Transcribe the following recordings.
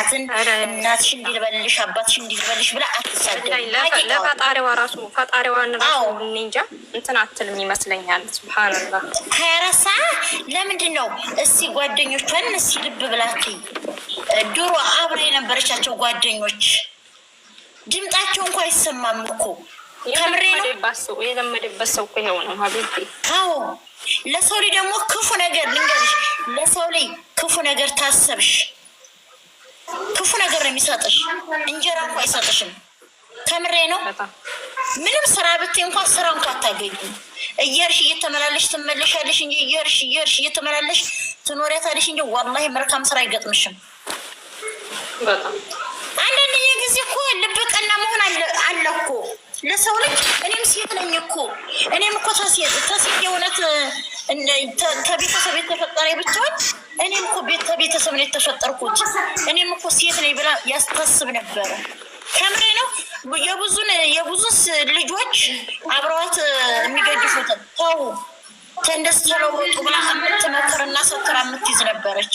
እናትን እናትሽ እንዲልበልሽ አባትሽ እንዲልበልሽ ብላ አትሳለፈጣሪዋ ራሱ ፈጣሪዋን ራሱ እንጃ እንትን አትልም ይመስለኛል። ስብሓንላ ሀያ አራት ሰዓት ለምንድን ነው እስቲ ጓደኞቿን እስቲ ልብ ብላት። ድሮ አብረ የነበረቻቸው ጓደኞች ድምጣቸው እንኳ አይሰማም እኮ ከምሬ ነው። የለመደበት ሰው እኮ ይኸው ነው ሀቢብቲ። አዎ ለሰው ልጅ ደግሞ ክፉ ነገር ልንገርሽ፣ ለሰው ልጅ ክፉ ነገር ታሰብሽ ክፉ ነገር ነው የሚሰጥሽ፣ እንጀራ እንኳ አይሰጥሽም። ከምሬ ነው። ምንም ስራ ብትይ እንኳን ስራ እንኳ አታገኝም። እየርሽ እየተመላለሽ ትመለሻለሽ እንጂ እየርሽ እየርሽ እየተመላለሽ ትኖሪያታለሽ እንጂ ዋላሂ መልካም ስራ አይገጥምሽም። አንዳንድ ጊዜ እኮ ልብ ቀና መሆን አለ እኮ ለሰው ልጅ እኔም ሴት ነኝ እኮ እኔም እኮ ተሴት ተሴት የእውነት ከቤተሰብ የተፈጠረ ብቻውን እኔም እኮ ከቤተሰብ ነው የተፈጠርኩት። እኔም እኮ ሴት ነኝ ብላ ያስታስብ ነበረ። ከምሬ ነው። የብዙን የብዙስ ልጆች አብረዋት የሚገድፉትን ተው ተንደስ ተለወጡ ብላ የምትመክርና ሰትራ የምትይዝ ነበረች።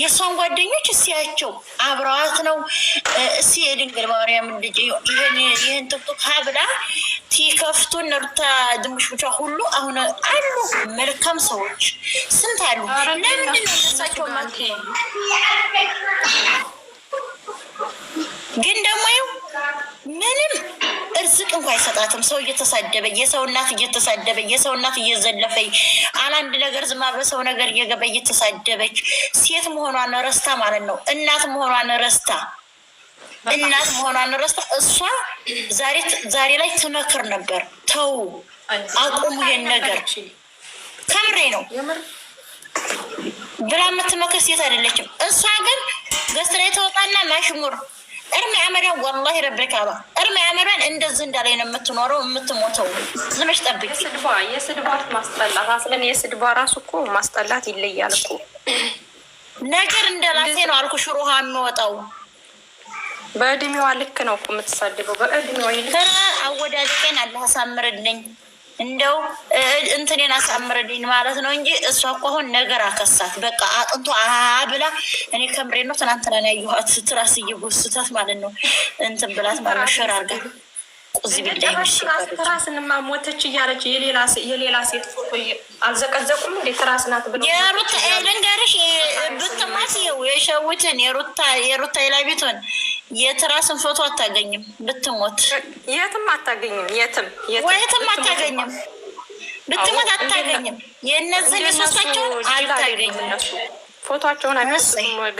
የእሷን ጓደኞች እስያቸው አብረዋት ነው እስ የድንግል ማርያም ልጅ ይህን ጥቅጡቅ ሀብላ ቲከፍቱን ነርታ ድምሽ ብቻ ሁሉ አሁን አሉ መልካም ሰዎች ስንት አሉ። ለምንድን ነው ነሳቸው ማክሉ አይሰጣትም። ሰው እየተሳደበ የሰው እናት እየተሳደበ የሰው እናት እየዘለፈኝ አላንድ ነገር ዝማ በሰው ነገር እየገባ እየተሳደበች ሴት መሆኗን ረስታ ማለት ነው እናት መሆኗን ረስታ እናት መሆኗን ረስታ እሷ ዛሬ ላይ ትመክር ነበር። ተው አቁሙ ይሄን ነገር ከምሬ ነው ብላ የምትመክር ሴት አይደለችም። እሷ ግን ገስት የተወጣና ማሽሙር እርሜ አመዳን ወላሂ ረብክ አላ እርሜ አመዳን እንደዚህ እንዳላይ ነው የምትኖረው የምትሞተው። ዝመሽ ጠብቂ። የስድቧ ማስጠላት አስለን የስድባ ራሱ እኮ ማስጠላት ይለያል እኮ ነገር እንደላሴ ነው አልኩ። ሽሩሃ የሚወጣው በእድሜዋ ልክ ነው እኮ የምትሳድበው በእድሜዋ ይልክ። አወዳደቄን አላህ እንደው እንትኔን አሳምርልኝ ማለት ነው እንጂ እሷ እኮ አሁን ነገር አከሳት። በቃ አጥንቶ ብላ እኔ ከምሬ ነው። ትናንትና ያየኋት ትራስ እየጎስታት ማለት ነው እንትን ብላት ማለት ነው ሸር አርጋ ቁዚ ትራስንማ ሞተች እያለች የሌላ ሴት ፎቶ አልዘቀዘቁም እንዴ? ትራስ ናት ብለው የሩታ ልንገርሽ ብትማስ ይኸው የሸውትን የሩታ የሩታ ይላ የትራስን ፎቶ አታገኝም። ብትሞት የትም አታገኝም። የትም የትም አታገኝም። ብትሞት አታገኝም። የእነዚህን የሶስታቸውን አታገኝም። ፎቶቸውን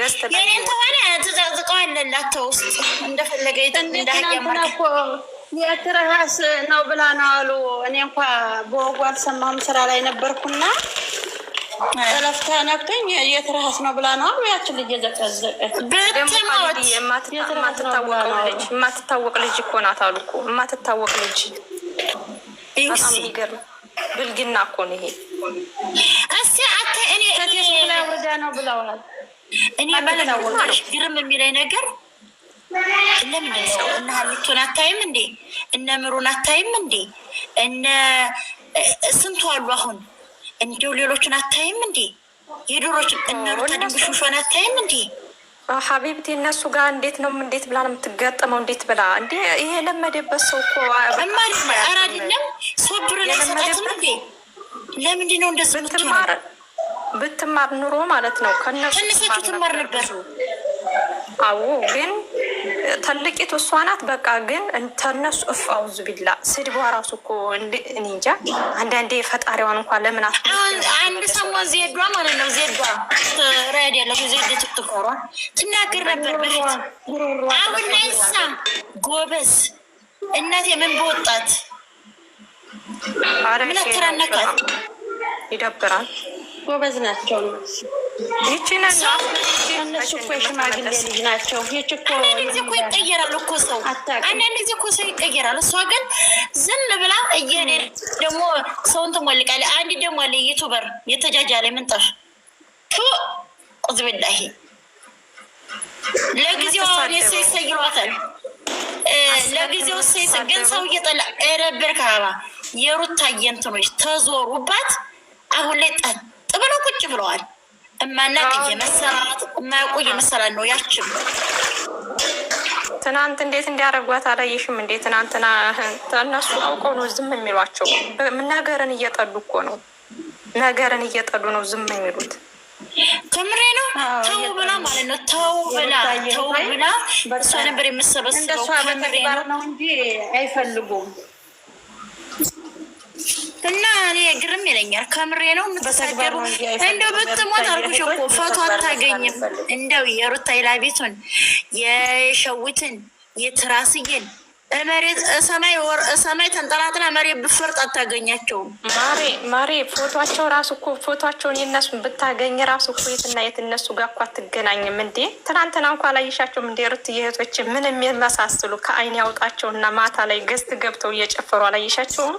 ገዝተየኔን ተሆነ ትዘቅዝቀው አለላቸው ውስጥ እንደፈለገ እንዳያማኮ የትራስ ነው ብላ ነው አሉ። እኔ እንኳ በወጉ አልሰማሁም ስራ ላይ ነበርኩና እረፍት ነክቶኝ የት እረፍት ነው ብላ ነው ያችን ልጅ የዘቀዘቀች። የማትታወቅ ልጅ እኮ ናት አሉ እኮ የማትታወቅ ልጅ ብልግና እኮ ነው ይሄ። እኔ ከቴስ ላይ ውርዳ ነው ብለዋል። እኔ ባለታወቀሽ ግርም የሚለኝ ነገር ለምንድን ሰው እነ ሀልቶን አታይም እንዴ? እነ ምሩን አታይም እንዴ? እነ ስንቱ አሉ አሁን እንዲው ሌሎችን አታይም እንዴ? የዶሮች እነሩታ ድንብሹሾን አታይም እንዴ? ሀቢብቲ እነሱ ጋር እንዴት ነው እንዴት ብላ ነው የምትገጠመው? እንዴት ብላ እንዴ? ይሄ የለመደበት ሰው እኮ ማር አይደለም ሶብር ላይ እንዴ? ለምንድን ነው እንደሱ ብትማር ብትማር ኑሮ ማለት ነው ከነሱ ትማር ነበር። አዎ ግን ትልቂቱ እሷ ናት። በቃ ግን እንተነሱ እፍ አውዝ ቢላ ስድቧ ራሱ እኮ እኔ እንጃ። አንዳንዴ ፈጣሪዋን እንኳን ለምን አንድ ሰሞን ዜዷ ማለት ነው ዜዷ ራድ ያለው ዜድ ትትኮሯ ትናገር ነበር በፊት። አሁን ላይሳ ጎበዝ እናቴ ምን በወጣት ምን አትራነካት ይደብራል። ጎበዝ ናቸው። እነሱ እኮ የሽማግሌ ልጅ ናቸው። አንዳንድ እኮ ይቀየራል እኮ ሰው፣ አንዳንድ ጊዜ እኮ ሰው ይቀየራል። እሷ ግን ዝም ብላ ደግሞ ሰውን ትሞልቃለች። አንድ ደግሞ አለ ዩቱበር የተጃጃለ ቁዝብላሂ ለጊዜው አሁን ይሰይሯታል። ለጊዜው ሴት ግን ሰው እየጠላ ረበር ካባ የሩታ ተዞሩባት። አሁን ላይ ጠጥ ብለው ቁጭ ብለዋል። እማናቅ እየመሰራት እማያውቁ እየመሰራት ነው። ያችም ትናንት እንዴት እንዲያደረጓት አላየሽም እንዴ? ትናንትና እነሱ አውቀው ነው ዝም የሚሏቸው። ነገርን እየጠሉ እኮ ነው። ነገርን እየጠሉ ነው ዝም የሚሉት። ተምሬ ነው። ተው ብላ ማለት ነው። ተው ብላ ተው ብላ እሷ ነበር የምሰበስበው። ከምሬ ነው እንጂ አይፈልጉም እና እኔ ግርም ይለኛል ከምሬ ነው የምትሰገሩ። እንደው ብትሞት አልኩሽ እኮ ፎቶ አታገኝም። እንደው የሩታ ይላቤቱን የሸዊትን የትራስዬን መሬት ሰማይ ወር ሰማይ ተንጠላጥላ መሬት ብፈርጥ አታገኛቸውም። ማሬ ማሬ ፎቶቸው ራሱ እኮ ፎቶቸውን የነሱ ብታገኝ ራሱ እኮ የትና የት እነሱ ጋር እኳ አትገናኝም እንዴ። ትናንትና እንኳ አላየሻቸውም እንዴ? ሩት የእህቶች ምንም የመሳስሉ ከአይን ያውጣቸውና ማታ ላይ ገዝት ገብተው እየጨፈሩ አላይሻቸውም።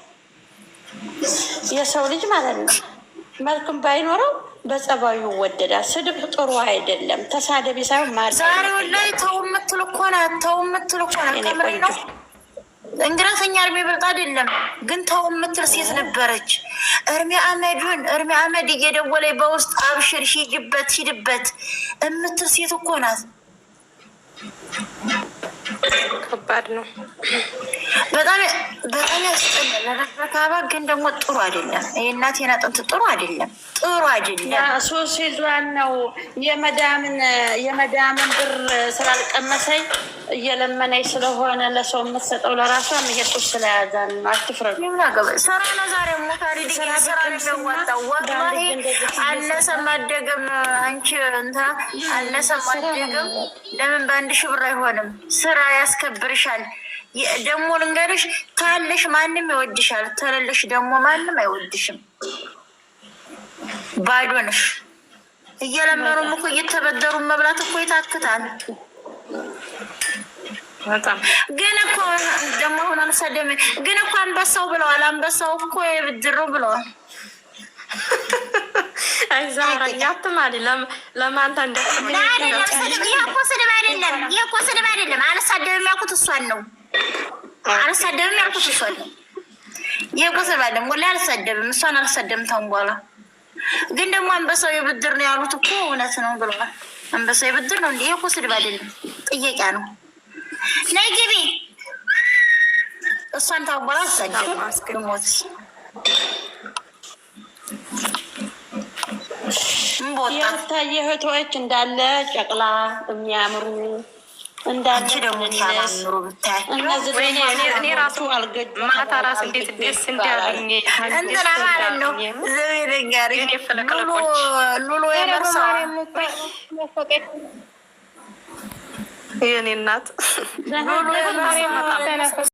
የሰው ልጅ ማለት ነው መልክም ባይኖረው በጸባዩ ይወደዳል። ስድብ ጥሩ አይደለም። ተሳደቢ ሳይሆን ማ ዛሬ ላይ ተው የምትል እኮ ናት። ተው የምትል እኮ ናት። ከምሬ ነው። እንግዳተኛ እድሜ በልጥ አይደለም ግን ተው የምትል ሴት ነበረች። እርሜ አመዱን እርሜ አመድ እየደወለ በውስጥ አብሽር ሂጅበት፣ ሂድበት የምትል ሴት እኮ ናት። ከባድ ነው በጣም በጣም ያስጠላል። ግን ደግሞ ጥሩ አይደለም። የእናቴን አጥንት ጥሩ አይደለም፣ ጥሩ አይደለም። ሶስት ይዟን ነው የመዳምን የመዳምን ብር ስላልቀመሰኝ እየለመነኝ ስለሆነ ለሰው የምትሰጠው ለራሷ መሄጦች ስለያዛን አትፍረዱ። ሰራነ ዛሬ ሞታሪ ስራ ለወጣ ወላሂ አነሰ ማደገም አንቺ እንታ አነሰ ማደገም ለምን በአንድ ሺህ ብር አይሆንም? ስራ ያስከብርሻል። ደግሞ ልንገርሽ፣ ካለሽ ማንም ይወድሻል፣ ተለለሽ ደግሞ ማንም አይወድሽም። ባዶ ነሽ። እየለመኑም እኮ እየተበደሩም መብላት እኮ ይታክታል። ግን እኮ ደግሞ አሁን አልሳደም ግን እኮ አንበሳው ብለዋል። አንበሳው እኮ የብድሩ ብለዋል። ለማንተ ይህ እኮ ስድብ አይደለም። ይህ እኮ ስድብ አይደለም። አልሳደብም ያልኩት እሷን ነው። አልሰደብም ያልኩት እሷን የቁስል ባለም ወላሂ አልሰደብም፣ እሷን አልሰደብም። ተንጓላ ግን ደግሞ አንበሳው የብድር ነው ያሉት እኮ እውነት ነው ብለዋል። አንበሳው የብድር ነው እንዲ የቁስል ባደለም ጥየቂያ ነው። ነይ ግቢ እሷን ታንጓላ አልሰደብም ሞት የታየ እህቶች እንዳለ ጨቅላ የሚያምሩ አንቺ ደግሞ ታማምሩ እኔ ራሱ ማታ ራስ እንዴት ደስ እንዳለኝ እንትና ማለት ነው። ሉሎ የመርሰዋል የኔ እናት ሉሎ የመርሰዋል